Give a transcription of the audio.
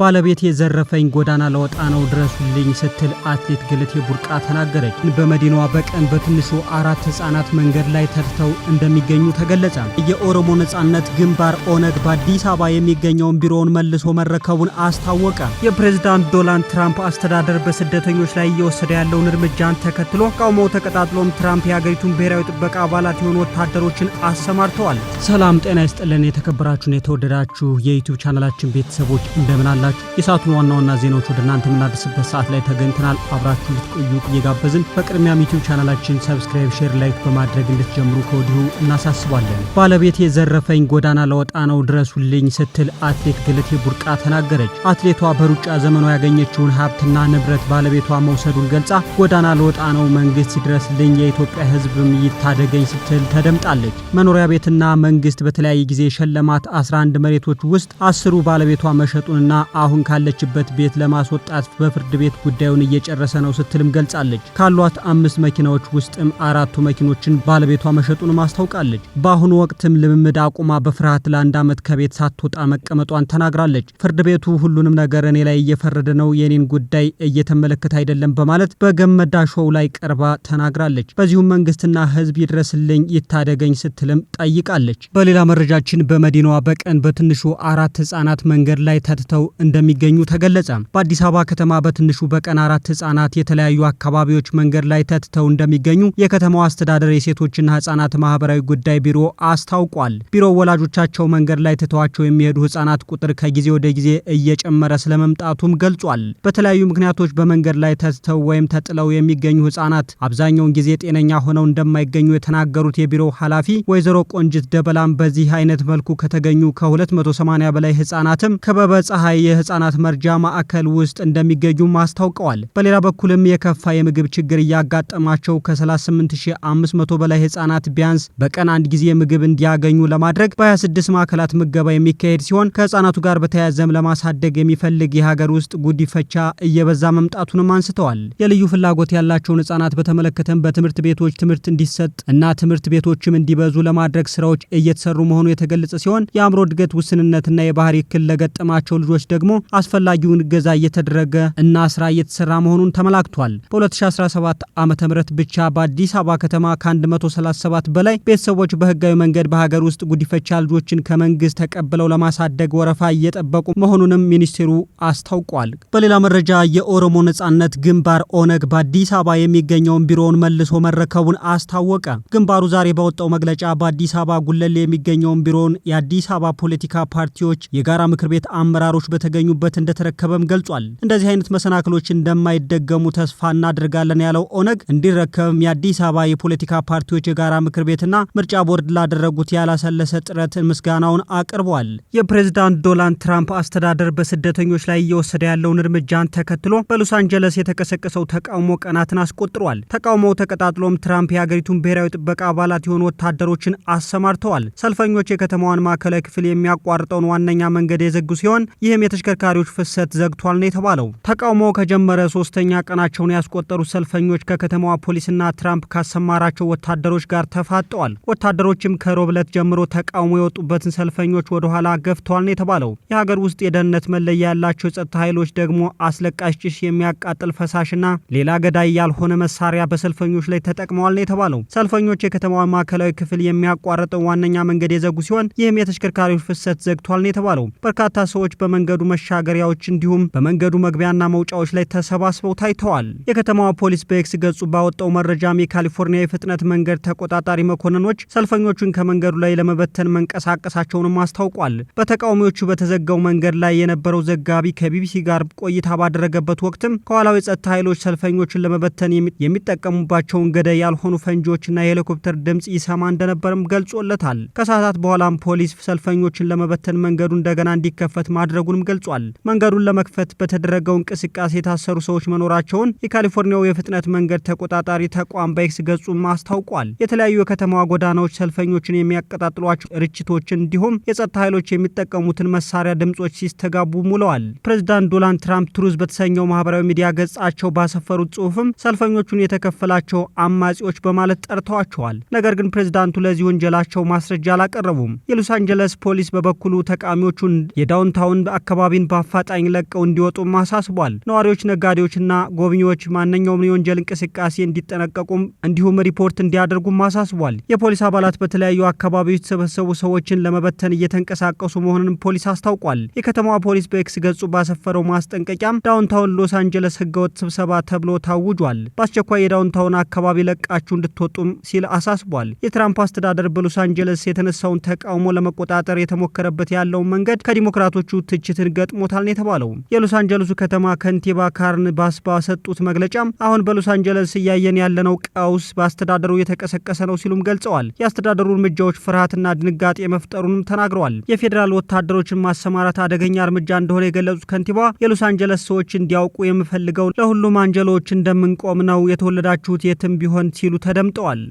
ባለቤት የዘረፈኝ ጎዳና ለወጣ ነው ድረሱልኝ ስትል አትሌት ገለቴ ቡርቃ ተናገረች። በመዲናዋ በቀን በትንሹ አራት ህጻናት መንገድ ላይ ተርተው እንደሚገኙ ተገለጸ። የኦሮሞ ነጻነት ግንባር ኦነግ በአዲስ አበባ የሚገኘውን ቢሮውን መልሶ መረከቡን አስታወቀ። የፕሬዝዳንት ዶናልድ ትራምፕ አስተዳደር በስደተኞች ላይ እየወሰደ ያለውን እርምጃን ተከትሎ ቃውሞው ተቀጣጥሎም ትራምፕ የሀገሪቱን ብሔራዊ ጥበቃ አባላት የሆኑ ወታደሮችን አሰማርተዋል። ሰላም ጤና ይስጥልን የተከበራችሁን የተወደዳችሁ የዩቱብ ቻናላችን ቤተሰቦች እንደምናላ እያላችሁ የሰዓቱን ዋና ዋና ዜናዎች ወደ እናንተ የምናደርስበት ሰዓት ላይ ተገኝተናል። አብራችሁ ልትቆዩ እየጋበዝን በቅድሚያ ዩቲዩብ ቻናላችን ሰብስክራይብ፣ ሼር፣ ላይክ በማድረግ እንድትጀምሩ ከወዲሁ እናሳስባለን። ባለቤት የዘረፈኝ ጎዳና ለወጣ ነው ድረሱልኝ ስትል አትሌት ገለቴ ቡርቃ ተናገረች። አትሌቷ በሩጫ ዘመኗ ያገኘችውን ሀብትና ንብረት ባለቤቷ መውሰዱን ገልጻ ጎዳና ለወጣ ነው መንግስት ሲድረስልኝ የኢትዮጵያ ሕዝብም ይታደገኝ ስትል ተደምጣለች። መኖሪያ ቤትና መንግስት በተለያየ ጊዜ ሸለማት 11 መሬቶች ውስጥ አስሩ ባለቤቷ መሸጡንና አሁን ካለችበት ቤት ለማስወጣት በፍርድ ቤት ጉዳዩን እየጨረሰ ነው ስትልም ገልጻለች። ካሏት አምስት መኪናዎች ውስጥም አራቱ መኪኖችን ባለቤቷ መሸጡን ማስታውቃለች። በአሁኑ ወቅትም ልምምድ አቁማ በፍርሃት ለአንድ ዓመት ከቤት ሳትወጣ መቀመጧን ተናግራለች። ፍርድ ቤቱ ሁሉንም ነገር እኔ ላይ እየፈረደ ነው፣ የኔን ጉዳይ እየተመለከተ አይደለም በማለት በገመዳ ሾው ላይ ቀርባ ተናግራለች። በዚሁም መንግስትና ህዝብ ይድረስልኝ ይታደገኝ ስትልም ጠይቃለች። በሌላ መረጃችን በመዲናዋ በቀን በትንሹ አራት ህጻናት መንገድ ላይ ተትተው እንደሚገኙ ተገለጸ። በአዲስ አበባ ከተማ በትንሹ በቀን አራት ህጻናት የተለያዩ አካባቢዎች መንገድ ላይ ተትተው እንደሚገኙ የከተማው አስተዳደር የሴቶችና ህጻናት ማህበራዊ ጉዳይ ቢሮ አስታውቋል። ቢሮው ወላጆቻቸው መንገድ ላይ ትተዋቸው የሚሄዱ ህጻናት ቁጥር ከጊዜ ወደ ጊዜ እየጨመረ ስለመምጣቱም ገልጿል። በተለያዩ ምክንያቶች በመንገድ ላይ ተትተው ወይም ተጥለው የሚገኙ ህጻናት አብዛኛውን ጊዜ ጤነኛ ሆነው እንደማይገኙ የተናገሩት የቢሮው ኃላፊ ወይዘሮ ቆንጅት ደበላም በዚህ አይነት መልኩ ከተገኙ ከ280 በላይ ህጻናትም ከበበ ፀሐይ የህፃናት መርጃ ማዕከል ውስጥ እንደሚገኙም አስታውቀዋል። በሌላ በኩልም የከፋ የምግብ ችግር እያጋጠማቸው ከ38500 በላይ ህፃናት ቢያንስ በቀን አንድ ጊዜ ምግብ እንዲያገኙ ለማድረግ በ26 ማዕከላት ምገባ የሚካሄድ ሲሆን ከህፃናቱ ጋር በተያያዘም ለማሳደግ የሚፈልግ የሀገር ውስጥ ጉዲፈቻ እየበዛ መምጣቱንም አንስተዋል። የልዩ ፍላጎት ያላቸውን ህፃናት በተመለከተም በትምህርት ቤቶች ትምህርት እንዲሰጥ እና ትምህርት ቤቶችም እንዲበዙ ለማድረግ ስራዎች እየተሰሩ መሆኑ የተገለጸ ሲሆን የአእምሮ እድገት ውስንነትና የባህሪ እክል ለገጠማቸው ልጆች ደግሞ ደግሞ አስፈላጊውን እገዛ እየተደረገ እና ስራ እየተሰራ መሆኑን ተመላክቷል። በ2017 ዓ ም ብቻ በአዲስ አበባ ከተማ ከ137 በላይ ቤተሰቦች በህጋዊ መንገድ በሀገር ውስጥ ጉዲፈቻ ልጆችን ከመንግስት ተቀብለው ለማሳደግ ወረፋ እየጠበቁ መሆኑንም ሚኒስቴሩ አስታውቋል። በሌላ መረጃ የኦሮሞ ነጻነት ግንባር ኦነግ በአዲስ አበባ የሚገኘውን ቢሮውን መልሶ መረከቡን አስታወቀ። ግንባሩ ዛሬ በወጣው መግለጫ በአዲስ አበባ ጉለሌ የሚገኘውን ቢሮውን የአዲስ አበባ ፖለቲካ ፓርቲዎች የጋራ ምክር ቤት አመራሮች በተገ በተገኙበት እንደተረከበም ገልጿል። እንደዚህ አይነት መሰናክሎች እንደማይደገሙ ተስፋ እናድርጋለን ያለው ኦነግ እንዲረከብም የአዲስ አበባ የፖለቲካ ፓርቲዎች የጋራ ምክር ቤትና ምርጫ ቦርድ ላደረጉት ያላሰለሰ ጥረት ምስጋናውን አቅርቧል። የፕሬዚዳንት ዶናልድ ትራምፕ አስተዳደር በስደተኞች ላይ እየወሰደ ያለውን እርምጃን ተከትሎ በሎስ አንጀለስ የተቀሰቀሰው ተቃውሞ ቀናትን አስቆጥሯል። ተቃውሞው ተቀጣጥሎም ትራምፕ የሀገሪቱን ብሔራዊ ጥበቃ አባላት የሆኑ ወታደሮችን አሰማርተዋል። ሰልፈኞች የከተማዋን ማዕከላዊ ክፍል የሚያቋርጠውን ዋነኛ መንገድ የዘጉ ሲሆን ይህም የተሽከርካሪዎች ፍሰት ዘግቷል ነው የተባለው። ተቃውሞ ከጀመረ ሶስተኛ ቀናቸውን ያስቆጠሩ ሰልፈኞች ከከተማዋ ፖሊስና ትራምፕ ካሰማራቸው ወታደሮች ጋር ተፋጠዋል። ወታደሮችም ከሮብለት ጀምሮ ተቃውሞ የወጡበትን ሰልፈኞች ወደኋላ ገፍተዋል ነው የተባለው። የሀገር ውስጥ የደህንነት መለያ ያላቸው የጸጥታ ኃይሎች ደግሞ አስለቃሽ ጭስ፣ የሚያቃጥል ፈሳሽና ሌላ ገዳይ ያልሆነ መሳሪያ በሰልፈኞች ላይ ተጠቅመዋል ነው የተባለው። ሰልፈኞች የከተማዋ ማዕከላዊ ክፍል የሚያቋርጠው ዋነኛ መንገድ የዘጉ ሲሆን ይህም የተሽከርካሪዎች ፍሰት ዘግቷል ነው የተባለው። በርካታ ሰዎች በመንገዱ መሻገሪያዎች እንዲሁም በመንገዱ መግቢያና መውጫዎች ላይ ተሰባስበው ታይተዋል። የከተማዋ ፖሊስ በኤክስ ገጹ ባወጣው መረጃም የካሊፎርኒያ የፍጥነት መንገድ ተቆጣጣሪ መኮንኖች ሰልፈኞቹን ከመንገዱ ላይ ለመበተን መንቀሳቀሳቸውንም አስታውቋል። በተቃዋሚዎቹ በተዘጋው መንገድ ላይ የነበረው ዘጋቢ ከቢቢሲ ጋር ቆይታ ባደረገበት ወቅትም ከኋላው የጸጥታ ኃይሎች ሰልፈኞችን ለመበተን የሚጠቀሙባቸውን ገደ ያልሆኑ ፈንጂዎችና የሄሊኮፕተር ድምፅ ይሰማ እንደነበርም ገልጾለታል። ከሰዓታት በኋላም ፖሊስ ሰልፈኞችን ለመበተን መንገዱ እንደገና እንዲከፈት ማድረጉንም ገልጿል። መንገዱን ለመክፈት በተደረገው እንቅስቃሴ የታሰሩ ሰዎች መኖራቸውን የካሊፎርኒያው የፍጥነት መንገድ ተቆጣጣሪ ተቋም በኤክስ ገጹም አስታውቋል። የተለያዩ የከተማዋ ጎዳናዎች ሰልፈኞችን የሚያቀጣጥሏቸው ርችቶችን እንዲሁም የጸጥታ ኃይሎች የሚጠቀሙትን መሳሪያ ድምጾች ሲስተጋቡ ሙለዋል። ፕሬዚዳንት ዶናልድ ትራምፕ ትሩዝ በተሰኘው ማህበራዊ ሚዲያ ገጻቸው ባሰፈሩት ጽሁፍም ሰልፈኞቹን የተከፈላቸው አማጺዎች በማለት ጠርተዋቸዋል። ነገር ግን ፕሬዚዳንቱ ለዚህ ወንጀላቸው ማስረጃ አላቀረቡም። የሎስ አንጀለስ ፖሊስ በበኩሉ ተቃዋሚዎቹን የዳውንታውን አካባቢ አካባቢን በአፋጣኝ ለቀው እንዲወጡም አሳስቧል። ነዋሪዎች፣ ነጋዴዎችና ጎብኚዎች ማንኛውም የወንጀል እንቅስቃሴ እንዲጠነቀቁም እንዲሁም ሪፖርት እንዲያደርጉም አሳስቧል። የፖሊስ አባላት በተለያዩ አካባቢዎች የተሰበሰቡ ሰዎችን ለመበተን እየተንቀሳቀሱ መሆኑንም ፖሊስ አስታውቋል። የከተማዋ ፖሊስ በኤክስ ገጹ ባሰፈረው ማስጠንቀቂያም ዳውንታውን ሎስ አንጀለስ ህገወጥ ስብሰባ ተብሎ ታውጇል። በአስቸኳይ የዳውንታውን አካባቢ ለቃችሁ እንድትወጡም ሲል አሳስቧል። የትራምፕ አስተዳደር በሎስ አንጀለስ የተነሳውን ተቃውሞ ለመቆጣጠር የተሞከረበት ያለውን መንገድ ከዲሞክራቶቹ ትችትን ገጥሞታል ነው የተባለው። የሎስ አንጀለሱ ከተማ ከንቲባ ካርን ባስ ባሰጡት መግለጫም አሁን በሎስ አንጀለስ እያየን ያለነው ቀውስ በአስተዳደሩ የተቀሰቀሰ ነው ሲሉም ገልጸዋል። የአስተዳደሩ እርምጃዎች ፍርሃትና ድንጋጤ መፍጠሩንም ተናግረዋል። የፌዴራል ወታደሮችን ማሰማራት አደገኛ እርምጃ እንደሆነ የገለጹት ከንቲባ የሎስ አንጀለስ ሰዎች እንዲያውቁ የምፈልገው ለሁሉም አንጀሎዎች እንደምንቆም ነው የተወለዳችሁት የትም ቢሆን ሲሉ ተደምጠዋል።